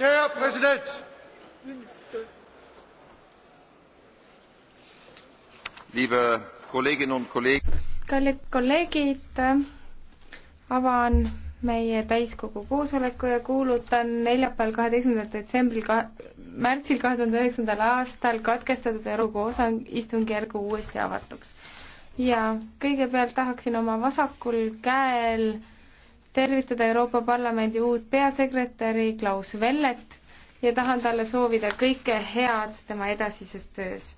herr präsident! liebe kolleginnen und kollegen! kallid kolleegid avan meie täiskogu koosoleku ja kuulutan neljapäeval kaheteistkümnendal detsembril ka märtsil kahe tuhande üheksandal aastal katkestatud euroopa osa istungjärgu uuesti avatuks ja kõigepealt tahaksin oma vasakul käel tervitada Euroopa Parlamendi uut peasekretäri Klaus Vellet ja tahan talle soovida kõike head tema edasises töös.